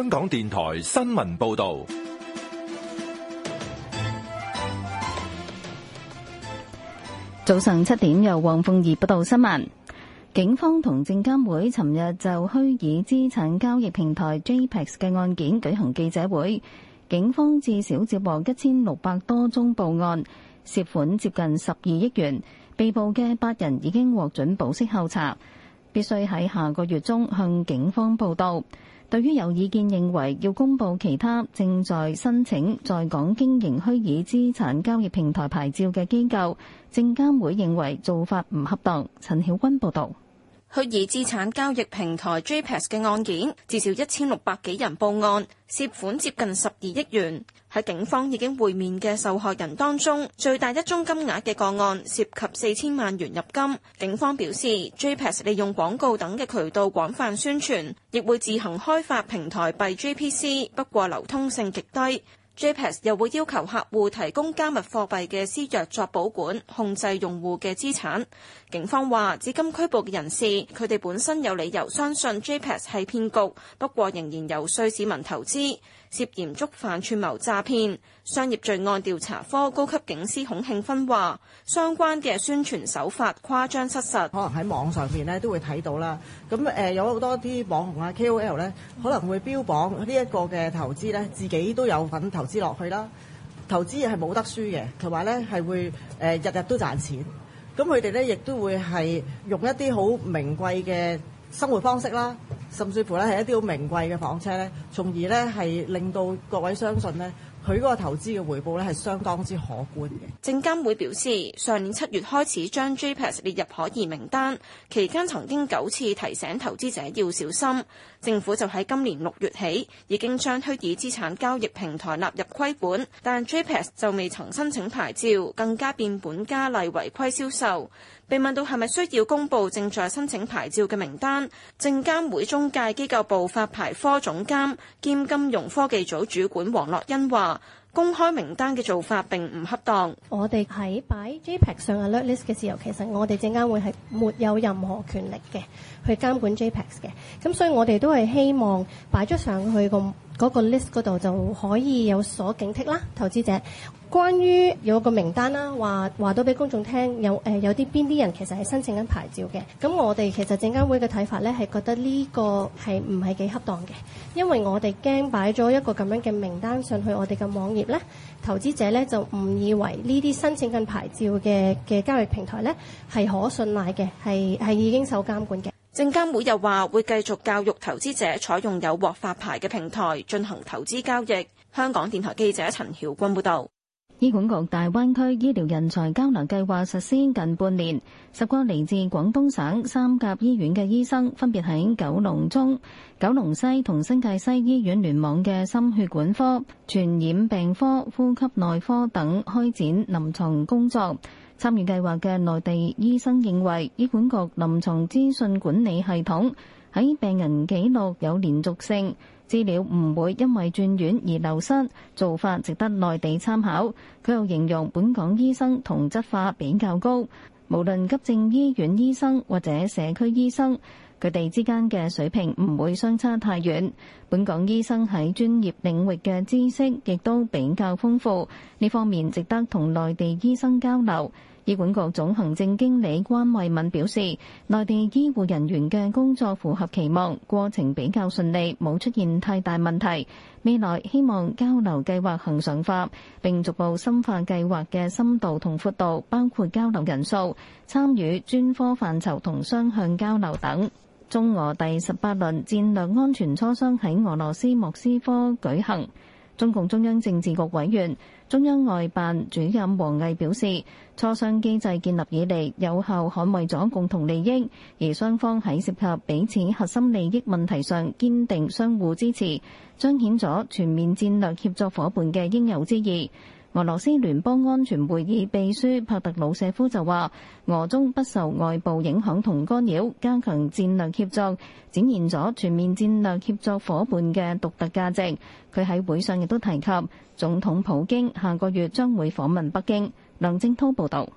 香港電台新聞報道，早上七點由黃鳳儀報道新聞。警方同證監會尋日就虛擬資產交易平台 JPEX 嘅案件舉行記者會。警方至少接獲一千六百多宗報案，涉款接近十二億元。被捕嘅八人已經獲准保釋候查，必須喺下個月中向警方報到。對於有意見認為要公布其他正在申請在港經營虛擬資產交易平台牌照嘅機構，證監會認為做法唔恰當。陳曉君報導。虛擬資產交易平台 JPEX 嘅案件，至少一千六百幾人報案，涉款接近十二億元。喺警方已經會面嘅受害人當中，最大一宗金額嘅個案涉及四千萬元入金。警方表示，JPEX 利用廣告等嘅渠道廣泛宣傳，亦會自行開發平台幣 JPC，不過流通性極低。JPEX 又會要求客戶提供加密貨幣嘅私鑰作保管，控制用戶嘅資產。警方話至今拘捕嘅人士，佢哋本身有理由相信 JPEX 係騙局，不過仍然遊說市民投資，涉嫌觸犯串謀詐騙。商業罪案調查科高級警司孔慶芬話：相關嘅宣傳手法誇張失實，可能喺網上面咧都會睇到啦。咁誒有好多啲網紅啊、K.O.L. 呢可能會標榜呢一個嘅投資呢，自己都有份投。投資落去啦，投資係冇得輸嘅，同埋咧係會誒、呃、日日都賺錢，咁佢哋咧亦都會係用一啲好名貴嘅生活方式啦，甚至乎咧係一啲好名貴嘅房車咧，從而咧係令到各位相信咧。佢嗰個投資嘅回報咧係相當之可觀嘅。證監會表示，上年七月開始將 JPS 列入可疑名單，期間曾經九次提醒投資者要小心。政府就喺今年六月起已經將虛擬資產交易平台納入規管，但 JPS 就未曾申請牌照，更加變本加厲違規銷售。被問到係咪需要公布正在申請牌照嘅名單，證監會中介機構部發牌科總監兼金融科技組主管黃樂欣話：公開名單嘅做法並唔恰當。我哋喺擺 JPEG 上 alert list 嘅時候，其實我哋證監會係沒有任何權力嘅去監管 JPEG 嘅。咁所以我哋都係希望擺咗上去個，嗰個 list 嗰度就可以有所警惕啦，投資者。關於有個名單啦，話話到俾公眾聽，有誒有啲邊啲人其實係申請緊牌照嘅。咁我哋其實證監會嘅睇法咧，係覺得呢個係唔係幾恰當嘅，因為我哋驚擺咗一個咁樣嘅名單上去我哋嘅網頁咧，投資者咧就誤以為呢啲申請緊牌照嘅嘅交易平台咧係可信賴嘅，係係已經受監管嘅。證監會又話會繼續教育投資者採用有獲發牌嘅平台進行投資交易。香港電台記者陳曉君報道。醫管局大灣區醫療人才交流計劃實施近半年，十個嚟自廣東省三甲醫院嘅醫生，分別喺九龍中、九龍西同新界西醫院聯網嘅心血管科、傳染病科、呼吸內科等開展臨床工作。參與計劃嘅內地醫生認為，醫管局臨床資訊管理系統喺病人記錄有連續性，資料唔會因為轉院而流失，做法值得內地參考。佢又形容本港醫生同質化比較高，無論急症醫院醫生或者社區醫生。佢哋之間嘅水平唔會相差太遠。本港醫生喺專業領域嘅知識亦都比較豐富，呢方面值得同內地醫生交流。醫管局總行政經理關慧敏表示，內地醫護人員嘅工作符合期望，過程比較順利，冇出現太大問題。未來希望交流計劃恆常化，並逐步深化計劃嘅深度同闊度，包括交流人數、參與專科範疇同雙向交流等。中俄第十八輪戰略安全磋商喺俄羅斯莫斯科舉行。中共中央政治局委員、中央外辦主任王毅表示，磋商機制建立以嚟有效捍衛咗共同利益，而雙方喺涉及彼此核心利益問題上堅定相互支持，彰顯咗全面戰略協作夥伴嘅應有之義。俄羅斯聯邦安全會議秘書帕特魯舍夫就話：俄中不受外部影響同干擾，加強戰略協作，展現咗全面戰略協作伙伴嘅獨特價值。佢喺會上亦都提及，總統普京下個月將會訪問北京。梁正濤報道。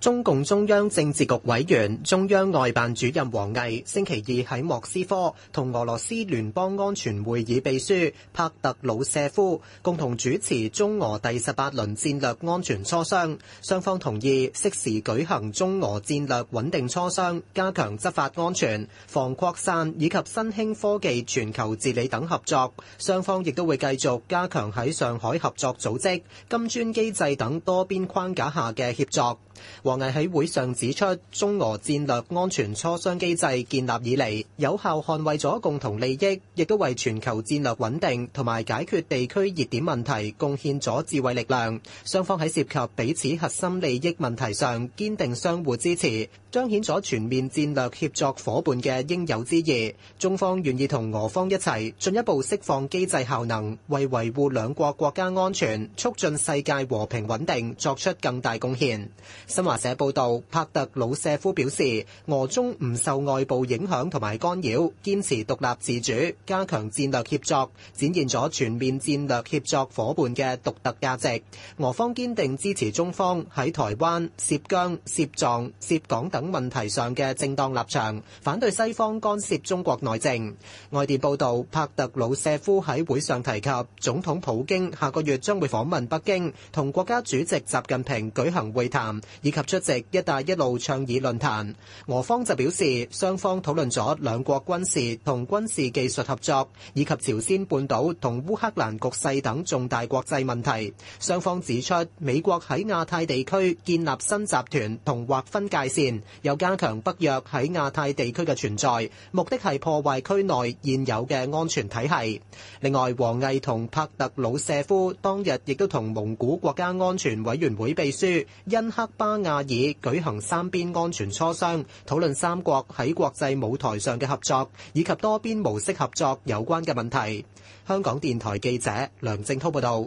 中共中央政治局委員、中央外辦主任王毅星期二喺莫斯科同俄羅斯聯邦安全會議秘書帕特魯舍夫共同主持中俄第十八輪戰略安全磋商，雙方同意適時舉行中俄戰略穩定磋商，加強執法安全、防擴散以及新興科技全球治理等合作。雙方亦都會繼續加強喺上海合作組織、金磚機制等多邊框架下嘅協作。王毅喺會上指出，中俄戰略安全磋商機制建立以嚟，有效捍衛咗共同利益，亦都為全球戰略穩定同埋解決地區熱點問題貢獻咗智慧力量。雙方喺涉及彼此核心利益問題上，堅定相互支持，彰顯咗全面戰略協作伙伴嘅應有之義。中方願意同俄方一齊，進一步釋放機制效能，為維護兩國國家安全、促進世界和平穩定作出更大貢獻。新華社報道，帕特魯舍夫表示，俄中唔受外部影響同埋干擾，堅持獨立自主，加強戰略協作，展現咗全面戰略協作伙伴嘅獨特價值。俄方堅定支持中方喺台灣、涉疆、涉藏、涉港等問題上嘅正當立場，反對西方干涉中國內政。外電報道，帕特魯舍夫喺會上提及，總統普京下個月將會訪問北京，同國家主席習近平舉行會談。以及出席「一帶一路」倡議論壇，俄方就表示，雙方討論咗兩國軍事同軍事技術合作，以及朝鮮半島同烏克蘭局勢等重大國際問題，雙方指出，美國喺亞太地區建立新集團同劃分界線，又加強北約喺亞太地區嘅存在，目的係破壞區內現有嘅安全體系。另外，王毅同帕特魯舍夫當日亦都同蒙古國家安全委員會秘書恩克巴巴亞爾舉行三邊安全磋商，討論三國喺國際舞台上嘅合作，以及多邊模式合作有關嘅問題。香港電台記者梁正濤報道。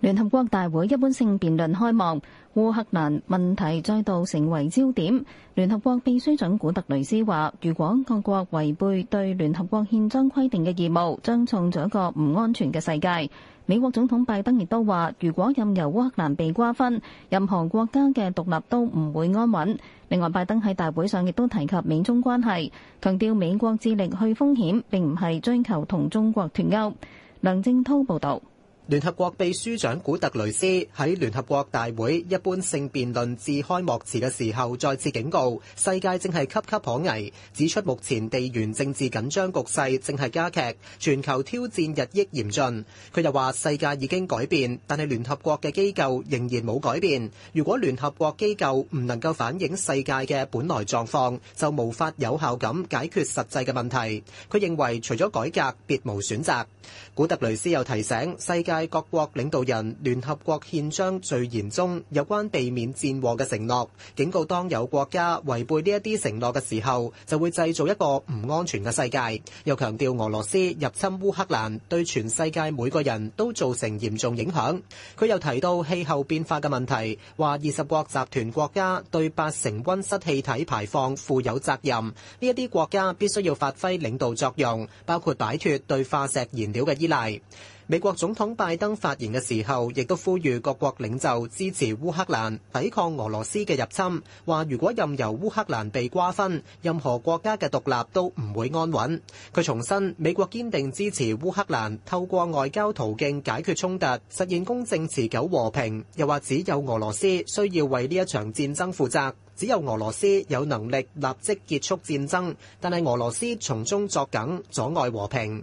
聯合國大會一般性辯論開幕。烏克蘭問題再度成為焦點，聯合國秘書長古特雷斯話，如果各國違背對聯合國憲章規定嘅義務，將創造一個唔安全嘅世界。美國總統拜登亦都話，如果任由烏克蘭被瓜分，任何國家嘅獨立都唔會安穩。另外，拜登喺大會上亦都提及美中關係，強調美國致力去風險，並唔係追求同中國脫鉤。梁正滔報導。聯合國秘書長古特雷斯喺聯合國大會一般性辯論致開幕詞嘅時候，再次警告世界正係岌岌可危，指出目前地緣政治緊張局勢正係加劇，全球挑戰日益嚴峻。佢又話世界已經改變，但係聯合國嘅機構仍然冇改變，如果聯合國機構唔能夠反映世界嘅本來狀況，就無法有效咁解決實際嘅問題，佢認為除咗改革，別無選擇。古特雷斯又提醒世界，界各國領導人，聯合國憲章序言中有關避免戰禍嘅承諾。警告當有國家違背呢一啲承諾嘅時候，就會製造一個唔安全嘅世界。又強調俄羅斯入侵烏克蘭對全世界每個人都造成嚴重影響。佢又提到氣候變化嘅問題，話二十國集團國家對八成温室氣體排放負有責任，呢一啲國家必須要發揮領導作用，包括擺脫對化石燃料嘅依賴。美國總統拜登發言嘅時候，亦都呼籲各國領袖支持烏克蘭抵抗俄羅斯嘅入侵，話如果任由烏克蘭被瓜分，任何國家嘅獨立都唔會安穩。佢重申美國堅定支持烏克蘭，透過外交途徑解決衝突，實現公正持久和平。又話只有俄羅斯需要為呢一場戰爭負責，只有俄羅斯有能力立即結束戰爭，但係俄羅斯從中作梗，阻礙和平。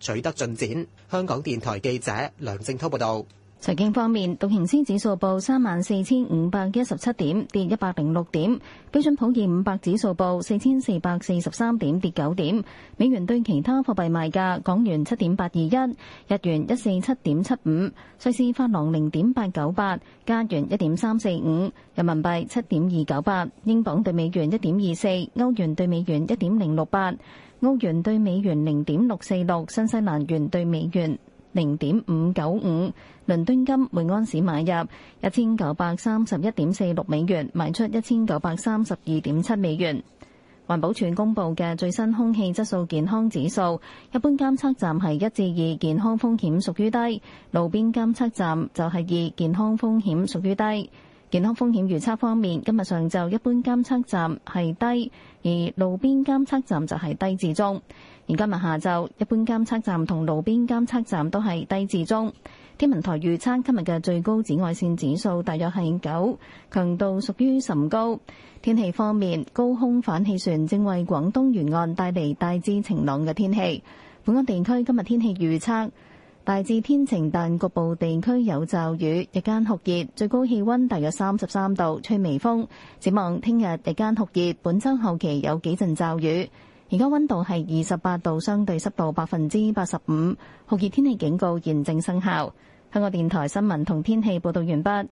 取得進展。香港電台記者梁正滔報導。財經方面，道瓊斯指數報三萬四千五百一十七點，跌一百零六點。標準普爾五百指數報四千四百四十三點，跌九點。美元對其他貨幣賣價，港元七點八二一，日元一四七點七五，瑞士法郎零點八九八，加元一點三四五，人民幣七點二九八，英鎊對美元一點二四，歐元對美元一點零六八。澳元對美元零點六四六，新西蘭元對美元零點五九五，倫敦金每安士買入一千九百三十一點四六美元，賣出一千九百三十二點七美元。環保署公布嘅最新空氣質素健康指數，一般監測站係一至二，健康風險屬於低，路邊監測站就係二，健康風險屬於低。健康風險預測方面，今日上晝一般監測站係低，而路邊監測站就係低至中。而今日下晝，一般監測站同路邊監測站都係低至中。天文台預測今日嘅最高紫外線指數大約係九，強度屬於甚高。天氣方面，高空反氣旋正為廣東沿岸帶嚟大致晴朗嘅天氣。本港地區今日天氣預測。大致天晴，但局部地區有驟雨。日間酷熱，最高氣溫大約三十三度，吹微風。展望聽日日間酷熱，本周後期有幾陣驟雨。而家溫度係二十八度，相對濕度百分之八十五，酷熱天氣警告現正生效。香港電台新聞同天氣報道完畢。